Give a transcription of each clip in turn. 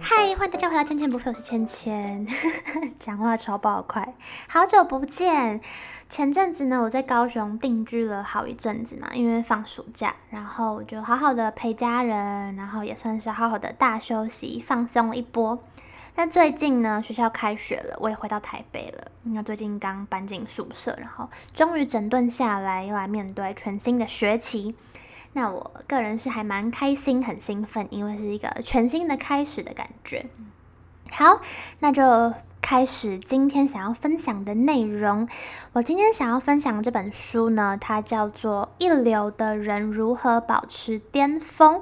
嗨，歡迎大家回到芊芊不飛，我是芊芊， 講話超爆快。好久不見，前陣子呢，我在高雄定居了好一陣子嘛，因為放暑假，然後就好好的陪家人，然後也算是好好的大休息、放鬆了一波。那最近呢，學校開學了，我也回到台北了，那、嗯、最近剛搬進宿舍，然後終於整頓下來，來面對全新的學期。那我個人是還蠻開心、很興奮，因為是一個全新的開始的感覺。好，那就開始今天想要分享的內容。我今天想要分享這本書呢，它叫做《一流的人如何保持巔峰》。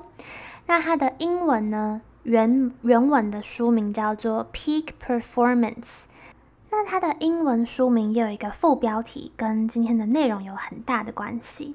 那它的英文呢，原原文的書名叫做《Peak Performance》。那它的英文書名又有一個副標題，跟今天的內容有很大的關係。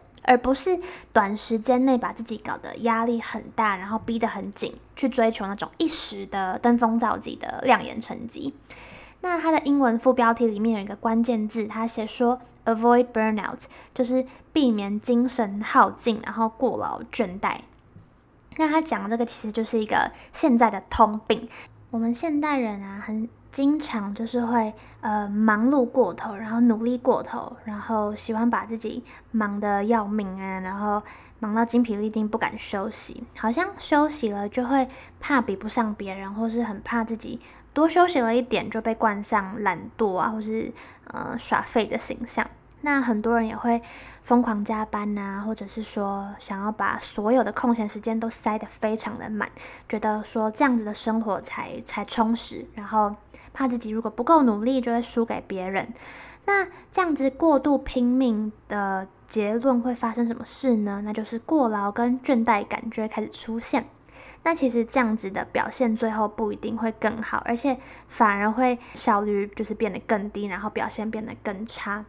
而不是短時間內把自己搞得壓力很大，然後逼得很緊，去追求那種一時的登峰造極的亮眼成績。那他的英文副標題裡面有一個關鍵字，他寫說 “avoid burnout”，就是避免精神耗盡，然後過勞倦怠。那他講的這個其實就是一個現在的通病，我們現代人啊，很，經常就是會呃忙碌過頭，然後努力過頭，然後喜歡把自己忙得要命啊，然後忙到筋疲力盡不敢休息，好像休息了就會怕比不上別人，或是很怕自己多休息了一點就被冠上懶惰啊，或是呃耍廢的形象。那很多人也會瘋狂加班吶、啊，或者是說想要把所有的空閒時間都塞得非常的滿，覺得說這樣子的生活才才充實，然後怕自己如果不夠努力就會輸給別人。那這樣子過度拼命的結論會發生什麼事呢？那就是過勞跟倦怠感就會開始出現。那其實這樣子的表現最後不一定會更好，而且反而會效率就是變得更低，然後表現變得更差。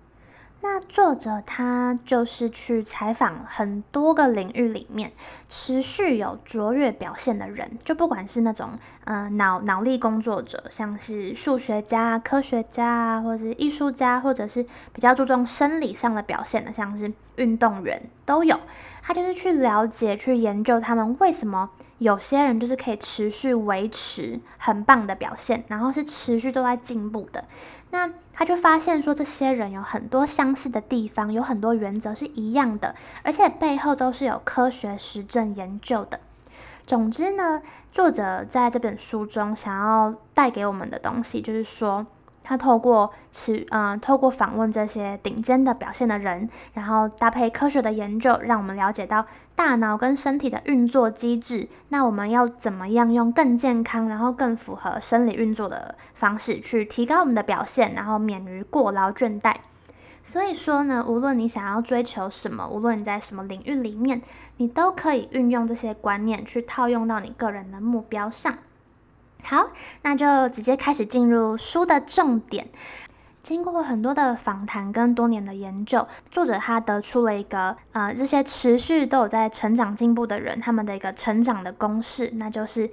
那作者他就是去採訪很多個領域裡面持續有卓越表現的人，就不管是那種嗯腦腦力工作者，像是數學家、科學家啊，或是藝術家，或者是比較注重生理上的表現的，像是運動員都有。他就是去了解、去研究他們為什麼有些人就是可以持續維持很棒的表現，然後是持續都在進步的。那他就發現說，這些人有很多相似的地方，有很多原則是一樣的，而且背後都是有科學實證研究的。總之呢，作者在這本書中想要帶給我們的東西，就是說。他透過是嗯、呃，透過訪問這些頂尖的表現的人，然後搭配科學的研究，讓我們了解到大腦跟身體的運作機制。那我們要怎麼樣用更健康，然後更符合生理運作的方式，去提高我們的表現，然後免於過勞倦怠？所以說呢，無論你想要追求什麼，無論你在什麼領域裡面，你都可以運用這些觀念去套用到你個人的目標上。好，那就直接開始進入書的重點。經過很多的訪談跟多年的研究，作者他得出了一個，呃，這些持續都有在成長進步的人，他們的一個成長的公式，那就是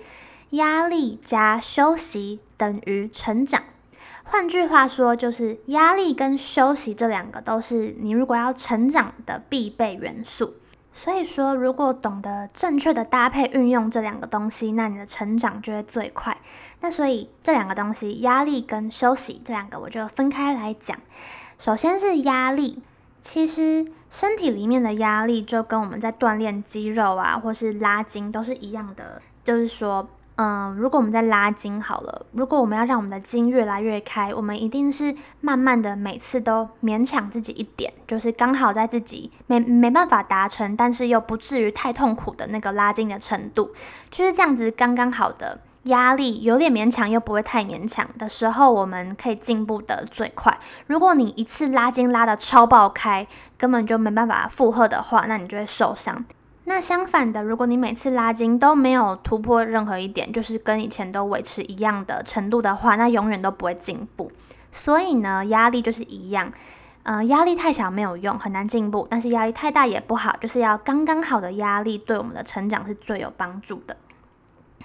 壓力加休息等於成長。換句話說，就是壓力跟休息這兩個都是你如果要成長的必備元素。所以說，如果懂得正確的搭配運用這兩個東西，那你的成長就會最快。那所以這兩個東西，壓力跟休息這兩個，我就分開來講。首先是壓力，其實身體裡面的壓力就跟我們在鍛鍊肌肉啊，或是拉筋都是一樣的，就是說。嗯，如果我們在拉筋好了，如果我們要讓我們的筋越來越開，我們一定是慢慢的，每次都勉強自己一點，就是剛好在自己沒沒辦法達成，但是又不至於太痛苦的那個拉筋的程度，就是這樣子剛剛好的壓力，有點勉強又不會太勉強的時候，我們可以進步得最快。如果你一次拉筋拉得超爆開，根本就沒辦法負荷的話，那你就會受傷。那相反的，如果你每次拉筋都沒有突破任何一點，就是跟以前都維持一樣的程度的話，那永遠都不會進步。所以呢，壓力就是一樣，呃，壓力太小沒有用，很難進步；但是壓力太大也不好，就是要剛剛好的壓力，對我們的成長是最有幫助的。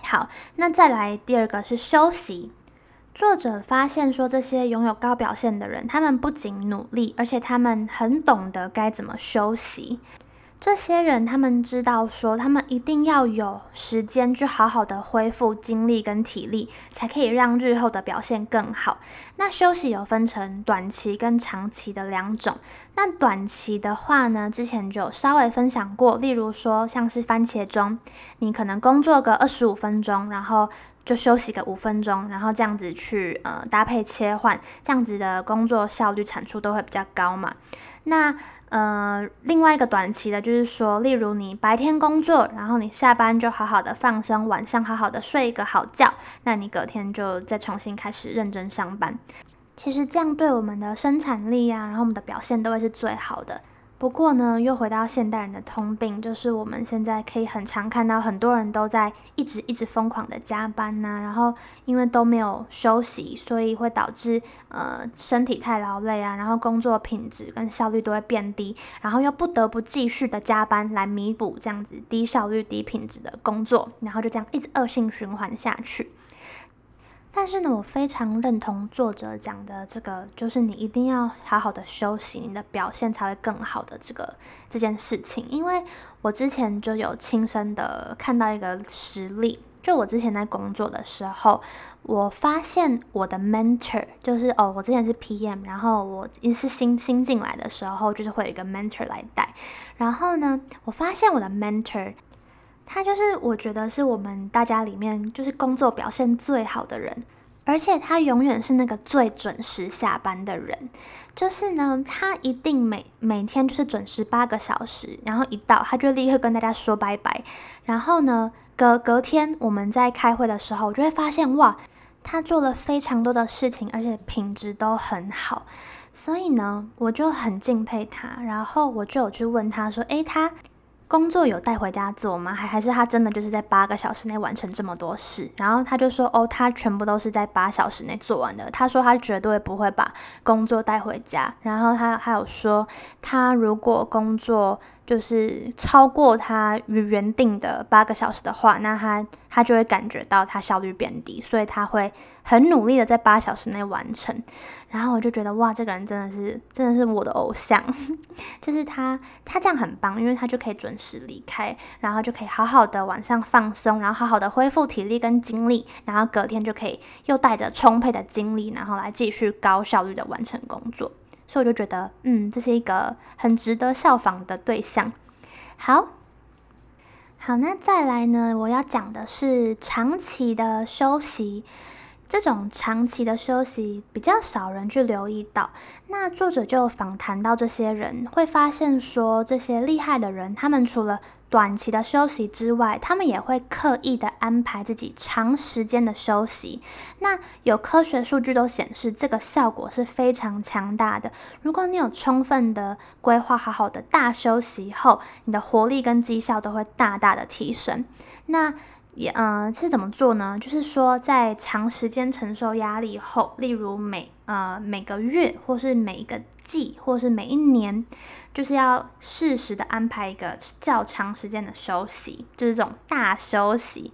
好，那再來第二個是休息。作者發現說，這些擁有高表現的人，他們不僅努力，而且他們很懂得該怎麼休息。這些人他們知道說，他們一定要有時間去好好的恢復精力跟體力，才可以讓日後的表現更好。那休息有分成短期跟長期的兩種。那短期的話呢，之前就有稍微分享過，例如說像是番茄鐘，你可能工作個二十五分鐘，然後。就休息個五分鐘，然後這樣子去呃搭配切換，這樣子的工作效率產出都會比較高嘛。那呃另外一個短期的，就是說，例如你白天工作，然後你下班就好好的放鬆，晚上好好的睡一個好覺，那你隔天就再重新開始認真上班。其實這樣對我們的生產力啊，然後我們的表現都會是最好的。不過呢，又回到現代人的通病，就是我們現在可以很常看到，很多人都在一直一直瘋狂的加班吶，然後因為都沒有休息，所以會導致呃身體太勞累啊，然後工作品質跟效率都會變低，然後又不得不繼續的加班來彌補這樣子低效率低品質的工作，然後就這樣一直惡性循環下去。但是呢，我非常認同作者講的這個，就是你一定要好好的休息，你的表現才會更好的這個這件事情。因為我之前就有親身的看到一個實例，就我之前在工作的時候，我發現我的 mentor 就是哦，我之前是 PM，然後我一次新新進來的時候，就是會有一個 mentor 來帶。然後呢，我發現我的 mentor。他就是，我覺得是我們大家裡面就是工作表現最好的人，而且他永遠是那個最準時下班的人。就是呢，他一定每每天就是準時八個小時，然後一到他就立刻跟大家說拜拜。然後呢，隔隔天我們在開會的時候，我就會發現哇，他做了非常多的事情，而且品質都很好，所以呢，我就很敬佩他。然後我就有去問他說：“誒，他？”工作有帶回家做嗎？還還是他真的就是在八個小時內完成這麼多事？然後他就說，哦，他全部都是在八小時內做完的。他說他絕對不會把工作帶回家。然後他還有說，他如果工作就是超過他原定的八個小時的話，那他他就會感覺到他效率變低，所以他會很努力的在八小時內完成。然後我就覺得哇，這個人真的是真的是我的偶像， 就是他，他這樣很棒，因為他就可以準時離開，然後就可以好好的晚上放鬆，然後好好的恢復體力跟精力，然後隔天就可以又帶着充沛的精力，然後來繼續高效率的完成工作。所以我就覺得，嗯，這是一個很值得效仿的對象。好，好，那再來呢，我要講的是長期的休息。這種長期的休息比較少人去留意到，那作者就訪談到這些人，會發現說這些厲害的人，他們除了短期的休息之外，他們也會刻意的安排自己長時間的休息。那有科學數據都顯示，這個效果是非常強大的。如果你有充分的規劃，好好的大休息後，你的活力跟績效都會大大的提升。那也、yeah.，嗯，是怎麼做呢？就是說，在長時間承受壓力後，例如每呃每個月，或是每一個季，或是每一年，就是要適時的安排一個較長時間的休息，就是這種大休息。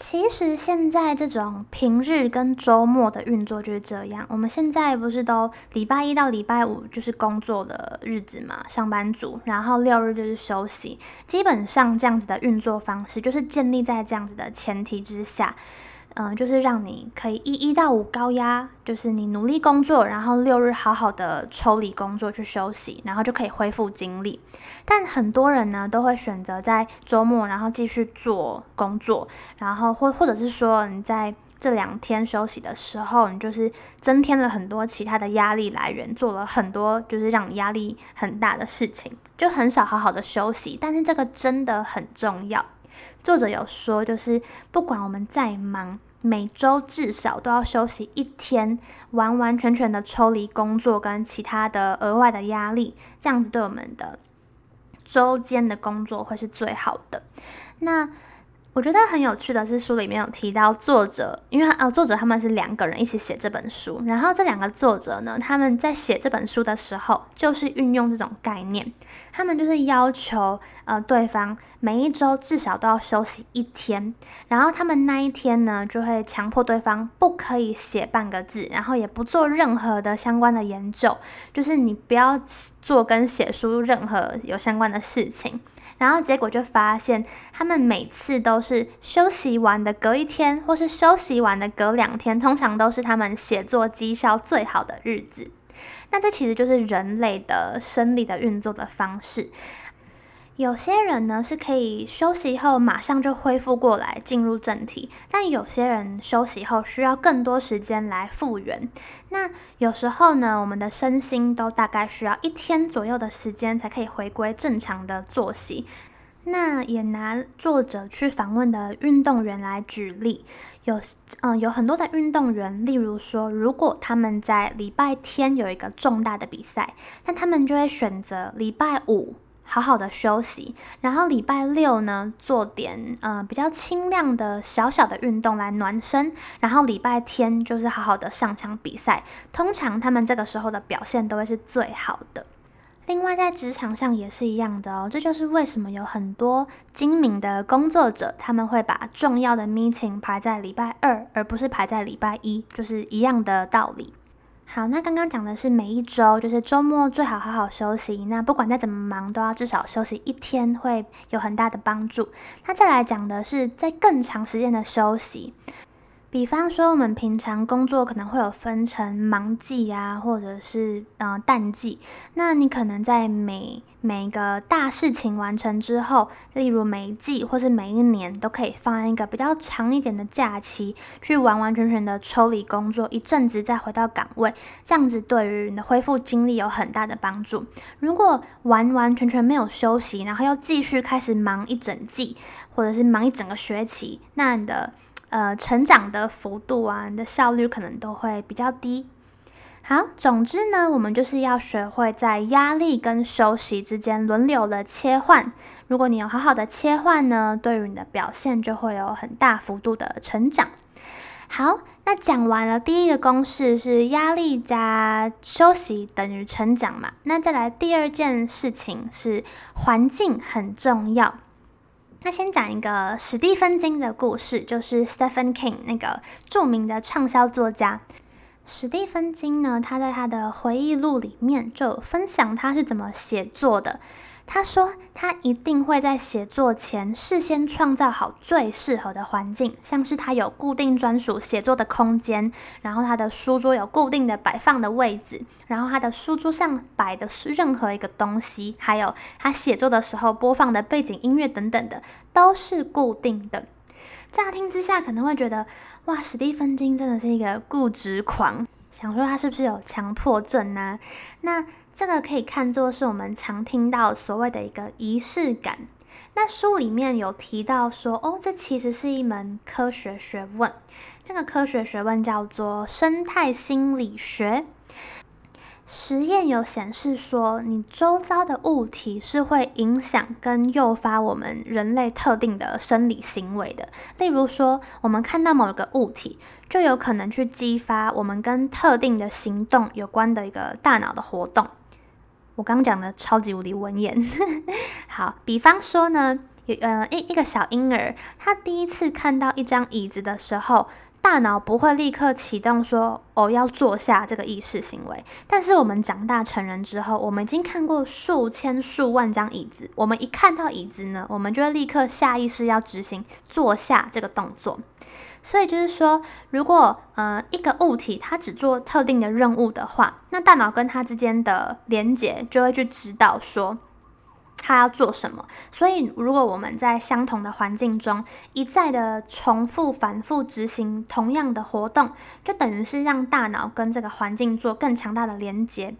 其實現在這種平日跟週末的運作就是這樣。我們現在不是都禮拜一到禮拜五就是工作的日子嘛，上班族，然後六日就是休息。基本上這樣子的運作方式，就是建立在這樣子的前提之下。嗯，就是讓你可以一一到五高壓，就是你努力工作，然後，六日好好的抽離工作去休息，然後就可以恢復精力。但很多人呢，都會選擇在周末然後繼續做工作，然後或或者是說你在這兩天休息的時候，你就是增添了很多其他的壓力來源，做了很多就是讓你壓力很大的事情，就很少好好的休息。但是這個真的很重要。作者有說，就是不管我們再忙，每周至少都要休息一天，完完全全的抽離工作跟其他的額外的壓力，這樣子對我們的周間的工作會是最好的。那我覺得很有趣的是，書裡面有提到作者，因為呃，作者他們是兩個人一起寫這本書。然後這兩個作者呢，他們在寫這本書的時候，就是運用這種概念，他們就是要求呃，對方每一周至少都要休息一天，然後他們那一天呢，就會強迫對方不可以寫半個字，然後也不做任何的相關的研究，就是你不要做跟寫書任何有相關的事情。然後結果就發現，他們每次都是休息完的隔一天，或是休息完的隔兩天，通常都是他們寫作績效最好的日子。那這其實就是人類的生理的運作的方式。有些人呢是可以休息後馬上就恢復過來，進入正題；但有些人休息後需要更多時間來復原。那有時候呢，我們的身心都大概需要一天左右的時間才可以回歸正常的作息。那也拿作者去訪問的運動員來舉例，有嗯有很多的運動員，例如說，如果他們在禮拜天有一個重大的比賽，那他們就會選擇禮拜五。好好的休息，然後禮拜六呢做點呃比較輕量的小小的運動來暖身，然後禮拜天就是好好的上場比賽。通常他們這個時候的表現都會是最好的。另外在職場上也是一樣的哦，這就是為什麼有很多精明的工作者他們會把重要的 meeting 排在禮拜二，而不是排在禮拜一，就是一樣的道理。好，那剛剛講的是每一周，就是周末最好好好休息。那不管再怎麼忙，都要至少休息一天，會有很大的幫助。那再來講的是在更長時間的休息。比方說，我們平常工作可能會有分成忙季啊，或者是呃淡季。那你可能在每每一個大事情完成之後，例如每一季或是每一年，都可以放一個比較長一點的假期，去完完全全的抽離工作，一陣子再回到崗位。這樣子對於你的恢復精力有很大的幫助。如果完完全全沒有休息，然後又繼續開始忙一整季，或者是忙一整個學期，那你的。呃，成長的幅度啊，你的效率可能都會比較低。好，總之呢，我們就是要學會在壓力跟休息之間輪流的切換。如果你有好好的切換呢，對於你的表現就會有很大幅度的成長。好，那講完了第一個公式是壓力加休息等於成長嘛，那再來第二件事情是環境很重要。那先講一個史蒂芬金的故事，就是 Stephen King 那個著名的暢銷作家。史蒂芬金呢，他在他的回憶錄裡面就有分享他是怎麼寫作的。他說，他一定會在寫作前事先創造好最適合的環境，像是他有固定專屬寫作的空間，然後他的書桌有固定的擺放的位置，然後他的書桌上擺的是任何一個東西，還有他寫作的時候播放的背景音樂等等的，都是固定的。乍聽之下可能會覺得，哇，史蒂芬金真的是一個固執狂。想說他是不是有強迫症呢？那這個可以看作是我們常聽到所謂的一個儀式感。那書裡面有提到說，哦，這其實是一門科學學問。這個科學學問叫做生態心理學。實驗有顯示說，你周遭的物體是會影響跟誘發我們人類特定的生理行為的。例如說，我們看到某個物體，就有可能去激發我們跟特定的行動有關的一個大腦的活動。我剛、剛講的超級無敵文言， 好，比方說呢，有呃一一,一個小嬰兒，他第一次看到一張椅子的時候。大腦不會立刻啟動說“哦，要坐下這個意識行為”，但是我們長大成人之後，我們已經看過數千數萬張椅子，我們一看到椅子呢，我們就會立刻下意識要執行坐下這個動作。所以就是說，如果呃一個物體它只做特定的任務的話，那大腦跟它之間的連接就會去指導說，他要做什麼？所以，如果我們在相同的環境中一再的重複、反覆執行同樣的活動，就等於是讓大腦跟這個環境做更強大的連接。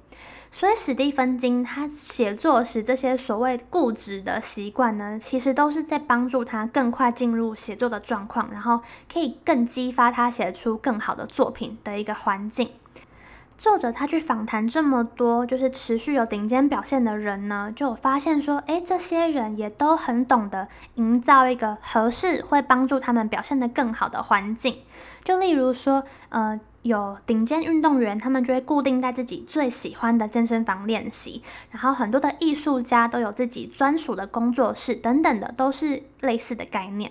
所以，史蒂芬金他寫作時這些所謂固執的習慣呢，其實都是在幫助他更快進入寫作的狀況，然後可以更激發他寫出更好的作品的一個環境。作者他去訪談這麼多，就是持續有頂尖表現的人呢，就有發現說，哎，這些人也都很懂得營造一個合適會幫助他們表現得更好的環境。就例如說，呃，有頂尖運動員，他們就會固定在自己最喜歡的健身房練習，然後很多的藝術家都有自己專屬的工作室等等的，都是。類似的概念，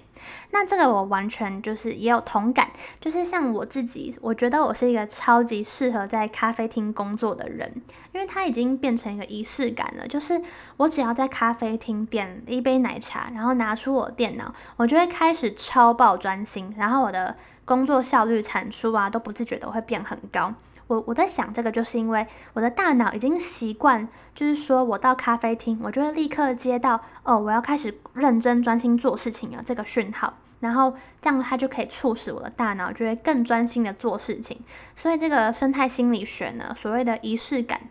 那這個我完全就是也有同感。就是像我自己，我覺得我是一個超級適合在咖啡廳工作的人，因為它已經變成一個儀式感了。就是我只要在咖啡廳點一杯奶茶，然後拿出我電腦，我就會開始超爆專心，然後我的工作效率、產出啊，都不自覺的會變很高。我我在想這個，就是因為我的大腦已經習慣，就是說我到咖啡廳，我就會立刻接到哦，我要開始認真專心做事情了這個訊號，然後這樣它就可以促使我的大腦就會更專心的做事情。所以這個生態心理學呢，所謂的儀式感，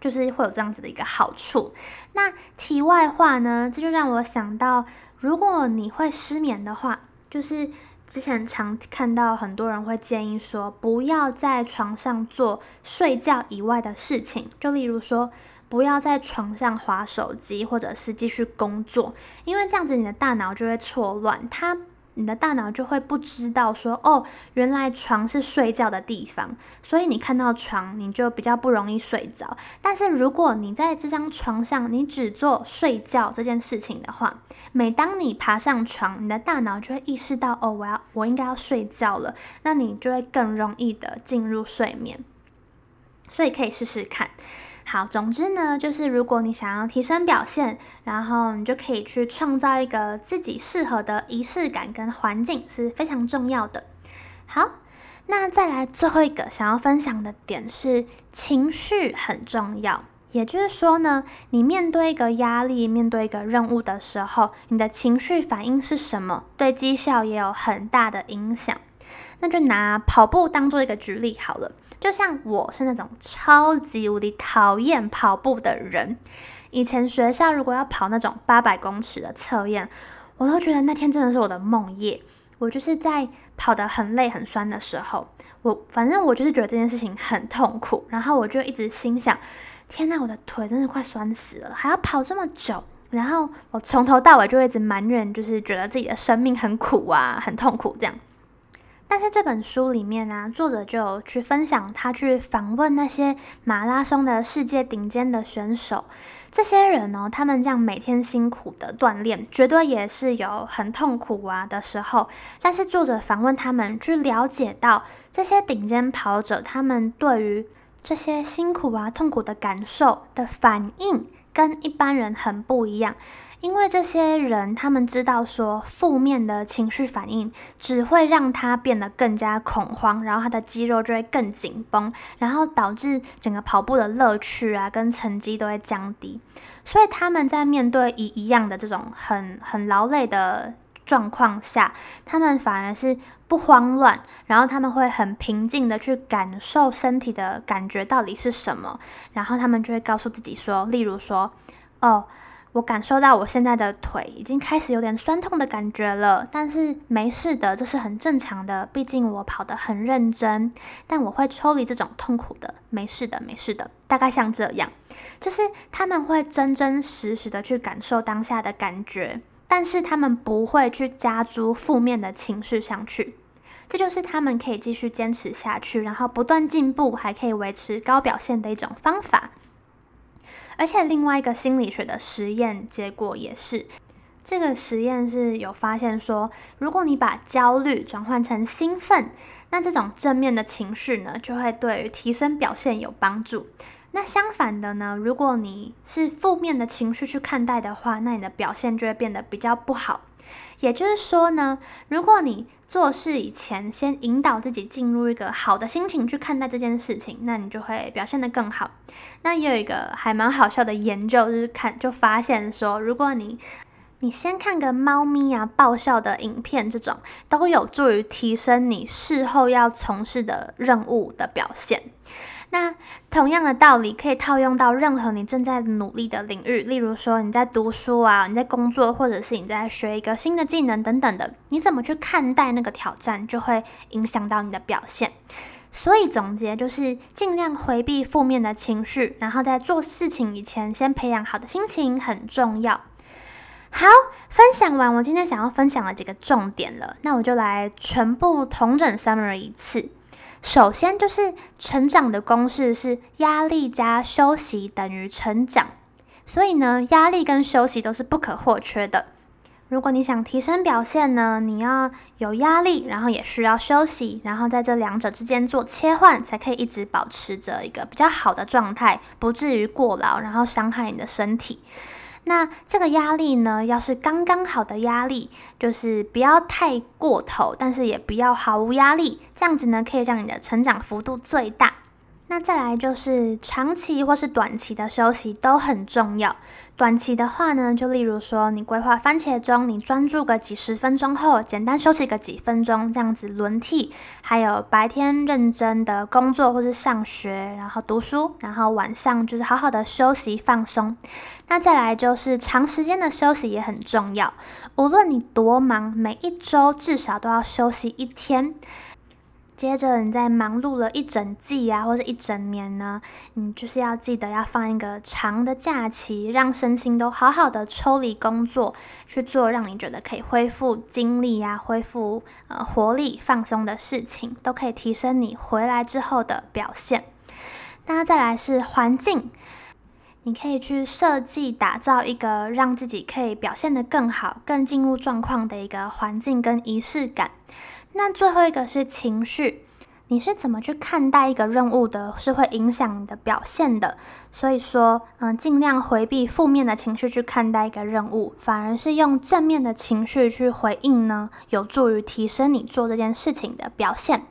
就是會有這樣子的一個好處。那題外話呢，這就讓我想到，如果你會失眠的話，就是。之前常看到很多人會建議說，不要在床上做睡覺以外的事情，就例如說，不要在床上滑手機或者是繼續工作，因為這樣子你的大腦就會錯亂。它。你的大腦就會不知道說，哦，原來床是睡覺的地方，所以你看到床，你就比較不容易睡着。但是如果你在這張床上，你只做睡覺這件事情的話，每當你爬上床，你的大腦就會意識到哦，我要我應該要睡覺了，那你就會更容易的進入睡眠。所以可以試試看。好，總之呢，就是如果你想要提升表現，然後你就可以去創造一個自己適合的儀式感跟環境，是非常重要的。好，那再來最後一個想要分享的點是情緒很重要，也就是說呢，你面對一個壓力、面對一個任務的時候，你的情緒反應是什麼，對績效也有很大的影響。那就拿跑步當做一個舉例好了。就像我是那種超級無敵討厭跑步的人，以前學校如果要跑那種八百公尺的測驗，我都覺得那天真的是我的夢魘。我就是在跑得很累很痠的時候，我反正我就是覺得這件事情很痛苦，然後我就一直心想：天哪，我的腿真的快酸死了，還要跑這麼久。然後我從頭到尾就會一直埋怨，就是覺得自己的生命很苦啊，很痛苦這樣。但是這本書裡面呢、啊，作者就有去分享他去訪問那些馬拉松的世界頂尖的選手，這些人哦，他們這樣每天辛苦的鍛鍊，絕對也是有很痛苦啊的時候。但是作者訪問他們，去了解到這些頂尖跑者他們對於這些辛苦啊、痛苦的感受的反應。跟一般人很不一樣，因為這些人他們知道說，負面的情緒反應只會讓他變得更加恐慌，然後他的肌肉就會更緊繃，然後導致整個跑步的樂趣啊，跟成績都會降低。所以他們在面對一一樣的這種很很勞累的。狀況下，他們反而是不慌亂，然後他們會很平靜的去感受身體的感覺到底是什麼，然後他們就會告訴自己說，例如說，哦，我感受到我現在的腿已經開始有點痠痛的感覺了，但是沒事的，這是很正常的，畢竟我跑得很認真，但我會抽離這種痛苦的，沒事的，沒事的，大概像這樣，就是他們會真真實實的去感受當下的感覺。但是他們不會去加諸負面的情緒上去，這就是他們可以繼續堅持下去，然後不斷進步，還可以維持高表現的一種方法。而且另外一個心理學的實驗結果也是，這個實驗是有發現說，如果你把焦慮轉換成興奮，那這種正面的情緒呢，就會對於提升表現有幫助。那相反的呢，如果你是負面的情緒去看待的話，那你的表現就會變得比較不好。也就是說呢，如果你做事以前先引導自己進入一個好的心情去看待這件事情，那你就會表現得更好。那也有一個還蠻好笑的研究，就是看就發現說，如果你你先看個貓咪啊、爆笑的影片，這種都有助於提升你事後要從事的任務的表現。那同樣的道理可以套用到任何你正在努力的領域，例如說你在讀書啊，你在工作，或者是你在學一個新的技能等等的，你怎麼去看待那個挑戰，就會影響到你的表現。所以總結就是盡量回避負面的情緒，然後在做事情以前先培養好的心情很重要。好，分享完我今天想要分享的幾個重點了，那我就來全部統整 summary 一次。首先，就是成長的公式是壓力加休息等於成長，所以呢，壓力跟休息都是不可或缺的。如果你想提升表現呢，你要有壓力，然後也需要休息，然後在這兩者之間做切換，才可以一直保持着一個比較好的狀態，不至於過勞，然後傷害你的身體。那這個壓力呢，要是剛剛好的壓力，就是不要太過頭，但是也不要毫無壓力，這樣子呢，可以讓你的成長幅度最大。那再來就是長期或是短期的休息都很重要。短期的話呢，就例如說你規劃番茄鐘，你專注個幾十分鐘後，簡單休息個幾分鐘，這樣子輪替。還有白天認真的工作或是上學，然後讀書，然後晚上就是好好的休息放鬆。那再來就是長時間的休息也很重要。無論你多忙，每一週至少都要休息一天。接着，你在忙碌了一整季啊，或者一整年呢，你就是要記得要放一個長的假期，讓身心都好好的抽離工作，去做讓你覺得可以恢復精力呀、啊、恢復呃活力、放鬆的事情，都可以提升你回來之後的表現。那再來是環境，你可以去設計打造一個讓自己可以表現得更好、更進入狀況的一個環境跟儀式感。那最後一個是情緒，你是怎麼去看待一個任務的，是會影響你的表現的。所以說，嗯，盡量回避負面的情緒去看待一個任務，反而是用正面的情緒去回應呢，有助於提升你做這件事情的表現。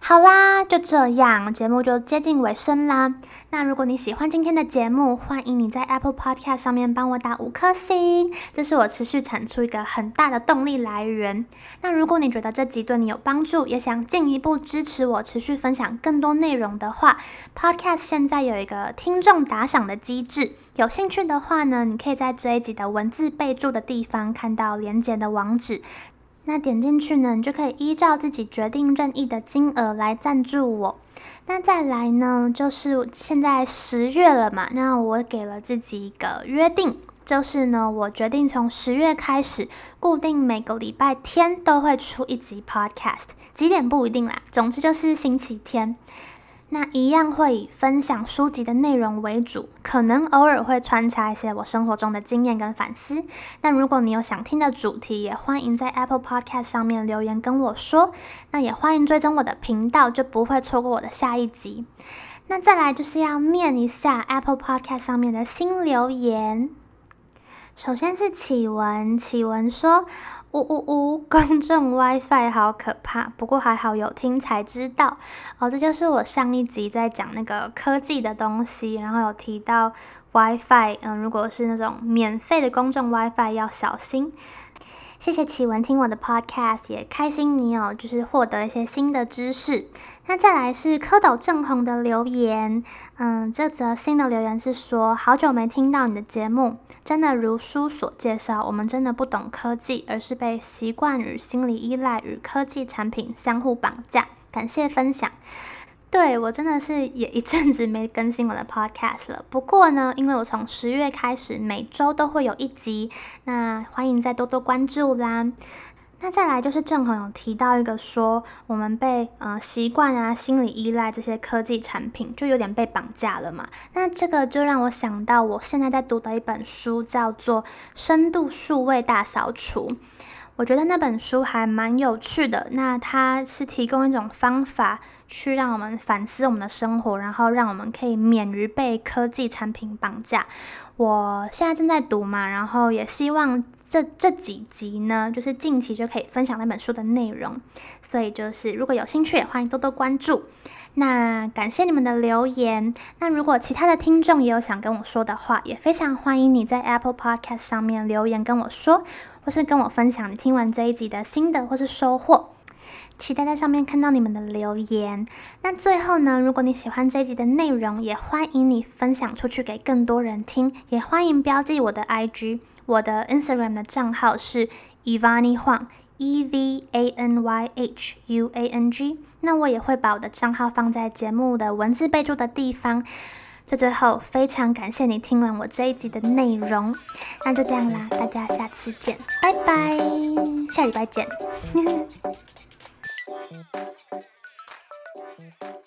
好啦，就這樣，節目就接近尾聲啦。那如果你喜歡今天的節目，歡迎你在 Apple Podcast 上面幫我打五顆星，這是我持續產出一個很大的動力來源。那如果你覺得這集對你有幫助，也想進一步支持我持續分享更多內容的話，Podcast 現在有一個聽眾打賞的機制，有興趣的話呢，你可以在這一集的文字備注的地方看到連結的網址。那點進去呢，你就可以依照自己決定任意的金額來贊助我。那再來呢，就是現在十月了嘛，那我給了自己一個約定，就是呢，我決定從十月開始，固定每個禮拜天都會出一集 Podcast，幾點不一定啦，總之就是星期天。那一樣會以分享書籍的內容為主，可能偶爾會穿插一些我生活中的經驗跟反思。那如果你有想聽的主題，也歡迎在 Apple Podcast 上面留言跟我說。那也歡迎追蹤我的頻道，就不會錯過我的下一集。那再來就是要念一下 Apple Podcast 上面的新留言。首先是啟文，啟文說：“嗚嗚嗚，公眾 WiFi 好可怕，不過還好有聽才知道哦。”這就是我上一集在講那個科技的東西，然後有提到 WiFi，嗯，如果是那種免費的公眾 WiFi，要小心。謝謝啟文聽我的 podcast，也開心你有就是獲得一些新的知識。那再來是蝌蚪正宏的留言，嗯，這則新的留言是說，好久沒聽到你的節目，真的如書所介紹，我們真的不懂科技，而是被習慣與心理依賴與科技產品相互綁架。感謝分享。對，我真的是也一陣子沒更新我的 podcast 了。不過呢，因為我從十月開始每周都會有一集，那歡迎再多多關注啦。那再來就是正好有提到一個說，我們被，呃，習慣啊、心理依賴這些科技產品，就有點被綁架了嘛。那這個就讓我想到我現在在讀的一本書，叫做《深度數位大掃除》。我覺得那本書還蠻有趣的，那它是提供一種方法去讓我們反思我們的生活，然後讓我們可以免於被科技產品綁架。我現在正在讀嘛，然後也希望這這幾集呢，就是近期就可以分享那本書的內容。所以就是如果有興趣，也歡迎多多關注。那感謝你們的留言。那如果其他的聽眾也有想跟我說的話，也非常歡迎你在 Apple Podcast 上面留言跟我說，或是跟我分享你聽完這一集的心得或是收穫。期待在上面看到你們的留言。那最後呢，如果你喜歡這一集的內容，也歡迎你分享出去給更多人聽，也歡迎標記我的 IG，我的 Instagram 的賬號是 Evany Huang。E V A N Y H U A N G，那我也會把我的賬號放在節目的文字備注的地方。在最後，非常感謝你聽完我這一集的內容，那就這樣啦，大家下次見，拜拜，下禮拜見。